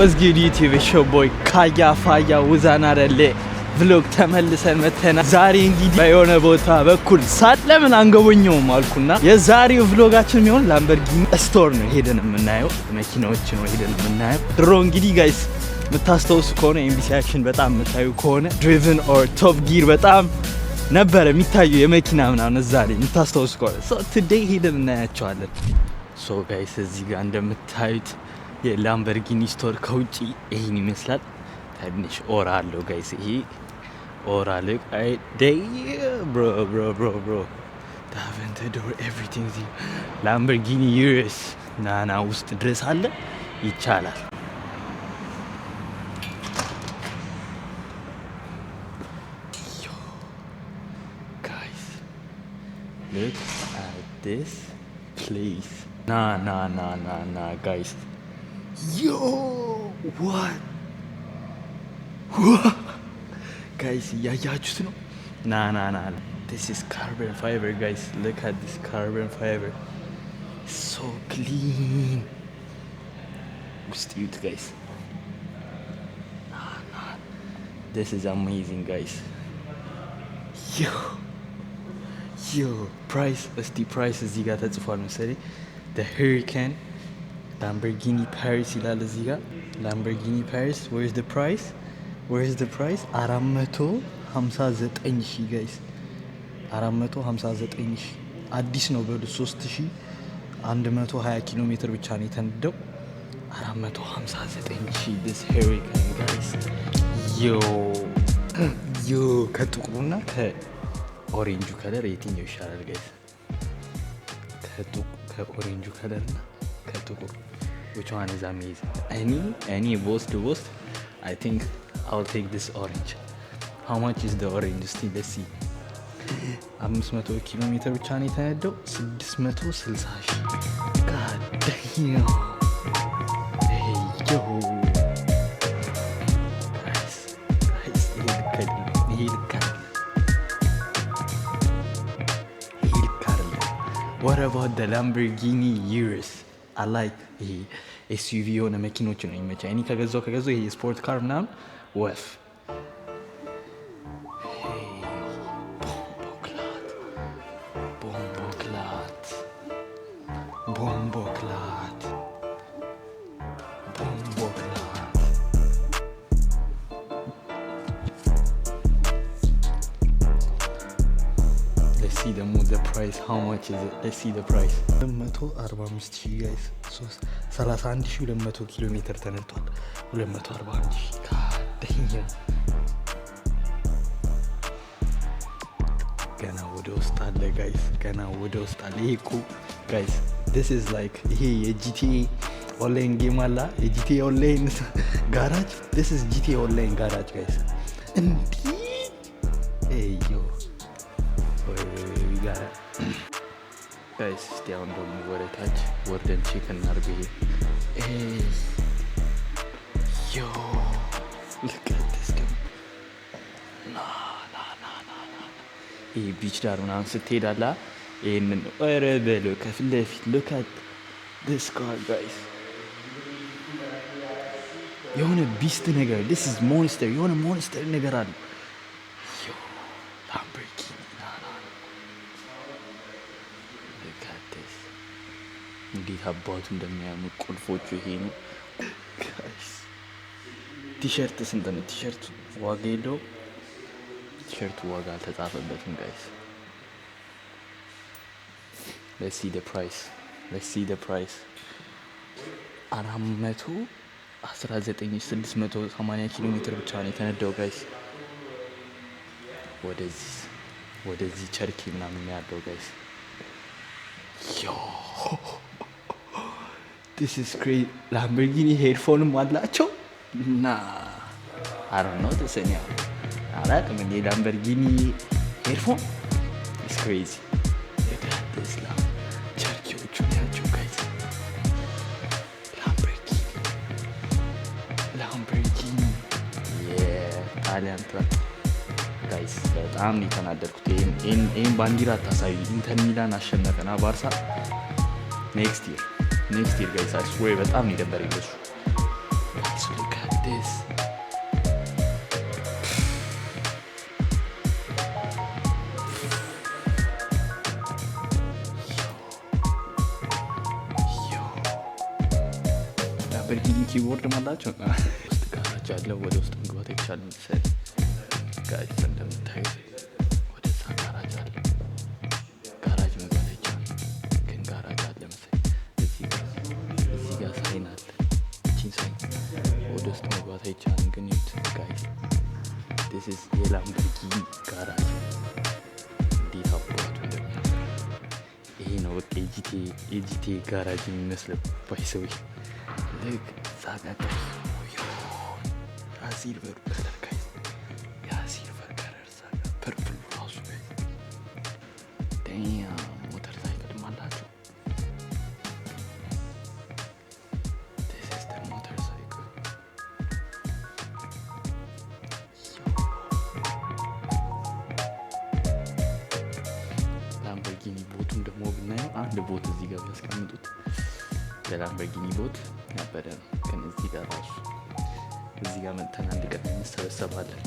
ወዝ ጉድ ዩቲዩብ ሾው ቦይ ካያ ፋያ ውዛና ረሌ ቭሎግ ተመልሰን መተና ዛሬ እንግዲህ በየሆነ ቦታ በኩል ሳት ለምን አንገቦኘውም አልኩና የዛሬው ቭሎጋችን የሚሆን ላምበርጊኒ ስቶር ነው ሄደን የምናየው መኪናዎች ነው ሄደን የምናየው። ድሮ እንግዲህ ጋይስ የምታስታውሱ ከሆነ ኤምቢሲያችን በጣም የምታዩ ከሆነ ድሪቭን ኦር ቶፕ ጊር በጣም ነበረ የሚታዩ የመኪና ምናምን እዛ ላይ የምታስታውሱ ከሆነ ቱዴይ ሄደን እናያቸዋለን። ሶ ጋይስ እዚህ ጋር እንደምታዩት የላምበርጊኒ ስቶር ከውጭ ይህን ይመስላል። ትንሽ ኦራ አለው ጋይስ፣ ይሄ ኦራ ደይ ብሮ ብሮ ብሮ ብሮ ታቨንተ ዶር ኤቭሪቲንግ ዚ ላምበርጊኒ ዩስ ናና ውስጥ ድረስ አለ ይቻላል። ሉክ አት ዲስ ፕሌስ ና ና ና ና ና ጋይስ Yo! What? What? guys, yeah, yeah, just know. Nah, nah, nah. This is carbon fiber, guys. Look at this carbon fiber. So clean. Just you guys. Nah, nah. This is amazing, guys. Yo. Yo. Price. As the price as you got that's what I'm The hurricane. ላምበርጊኒ ፓሪስ ይላል እዚህ ጋር ላምበርጊኒ ፓሪስ ወርዝ ደ ፕራይስ ወርዝ ደ ፕራይስ አራት መቶ ጋይስ አራት መቶ አዲስ ነው በሉ ሶስት ሺህ ኪሎ ሜትር ብቻ ነው የተነደው። 459 መቶ ሀምሳ ዘጠኝ ጋይስ ዮ ዮ ከጥቁሩና ከኦሬንጁ ከለር የትኛው ይሻላል ጋይስ? ከኦሬንጁ ከለርና Which one is amazing? Any, any worst to worst, I think I'll take this orange. How much is the orange? እስቲ let's see. 500 ኪሎ ሜትር ብቻ ነው የተነደው 660 Hey ጋደኛው What about the Lamborghini years? አላይክ ይሄ ኤስዩቪ የሆነ መኪኖች ነው የሚመቸኝ። እኔ ከገዛው ከገዛው ይሄ ስፖርት ካር ምናምን ወፍ ፕራይስ ሃው ማች ኢዝ ኢት ሌትስ ሲ ዘ ፕራይስ 245 ጋይስ 31200 ኪሎ ሜትር ተነድቷል። 241 ካደኛ ገና ወደ ውስጥ አለ ጋይስ፣ ገና ወደ ውስጥ አለ። ይሄ እኮ ጋይስ ዲስ ኢዝ ላይክ ይሄ የጂቲኤ ኦንላይን ጌም አላ የጂቲኤ ኦንላይን ጋራጅ ዲስ ኢዝ ጂቲኤ ኦንላይን ጋራጅ ጋይስ እንዲህ ዮ ጋይስ እስቲ አሁን ደግሞ ወደ ታች ወርደን ቼክ እናድርግ። ይሄ ዮ ልቀጥስ ደግሞ ና ቢች ዳር ምናምን ስትሄዳላ ይህንን ኧረ በሎ ከፊት ለፊት ሎካት ደስከዋል ጋይስ የሆነ ቢስት ነገር ስ ሞንስተር የሆነ ሞንስተር ነገር አለ እንዴት አባቱ እንደሚያምር ቁልፎቹ ይሄ ነው። ቲሸርት ስንት ነው? ቲሸርት ዋጋ የለው። ቲሸርቱ ዋጋ አልተጻፈበትም ጋይስ። ሌትስ ሲ ዘ ፕራይስ ሌትስ ሲ ፕራይስ አራት መቶ አስራ ዘጠኝ ስድስት መቶ ሰማንያ ኪሎ ሜትር ብቻ ነው የተነዳው ጋይስ። ወደዚህ ወደዚህ ቸርኪ ምናምን ያለው ጋይስ ዮ ላምበርጊኒ ሄድፎንም አላቸው እና አረ ነው ተሰኒ አላቅም እ ላምበርጊኒ ሄድፎን ስክሬዚ ክሬዚ ቴስላ ቸርኪዎቹ ጋይስ በጣም ነው የተናደድኩት። ይህን ባንዲራ አታሳዩ። ኢንተር ሚላን አሸነፈና ባርሳ ኔክስት ይር ኔክስት year guys I በጣም ነው የደበረኝ እሱ ኪቦርድ ማላቸው ውስጥ ጋራጅ አለ። ወደ ውስጥ መግባት አይቻልም። ሰ ጋጅ እንደምታዩት ውስጥ መግባት አይቻልም። ግን ጥንቃቄ ዲስ ኢዝ የላምቦርጊኒ ጋራጅ። እንዴት አባቱ ይሄ ነው በቃ የጂቴ ጋራጅ የሚመስለው ባይሰዊ ልክ ዛጋጋ ሲልቨር ከለር ጋይ ያ ሲልቨር ከለር ፐርፕል ራሱ ዳያ አንድ ቦት እዚህ ጋር ያስቀምጡት የላምበርጊኒ ቦት ነበረ። ግን እዚህ ጋር ራሱ እዚህ ጋር መተን አንድ ቀን እንሰበሰባለን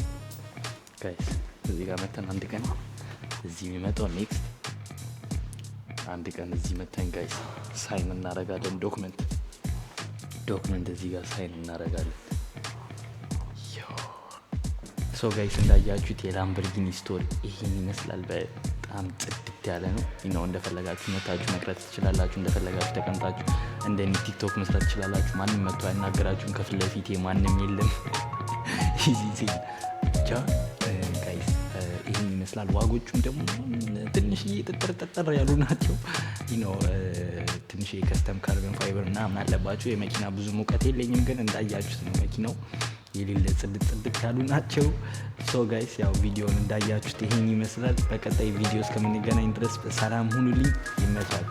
ጋይስ። እዚህ ጋር መተን አንድ ቀን እዚህ የሚመጣው ኔክስት አንድ ቀን እዚህ መተን ጋይስ ሳይን እናረጋለን። ዶክመንት ዶክመንት እዚህ ጋር ሳይን እናረጋለን። ሰው ጋይስ እንዳያችሁት የላምበርጊኒ ስቶሪ ይህን ይመስላል። በጣም ጽድ ለየት ያለ ነው። እንደፈለጋችሁ መታችሁ መቅረት ትችላላችሁ። እንደፈለጋችሁ ተቀምጣችሁ እንደ ቲክቶክ መስራት ትችላላችሁ። ማንም መጥቶ አይናገራችሁም። ከፊት ለፊቴ ማንም የለም። ብቻ ይህን ይመስላል። ዋጎቹም ደግሞ ትንሽዬ ጥጥር ያሉ ናቸው። ነው ትንሽ የከስተም ካርበን ፋይበር ምናምን አለባቸው። የመኪና ብዙ ሙቀት የለኝም፣ ግን እንዳያችሁት ነው መኪናው የሌለ ጽድቅ ጽድቅ ያሉ ናቸው። ሶ ጋይስ ያው ቪዲዮን እንዳያችሁት ይሄን ይመስላል። በቀጣይ ቪዲዮ እስከምንገናኝ ድረስ በሰላም ሁኑልኝ። ይመቻል።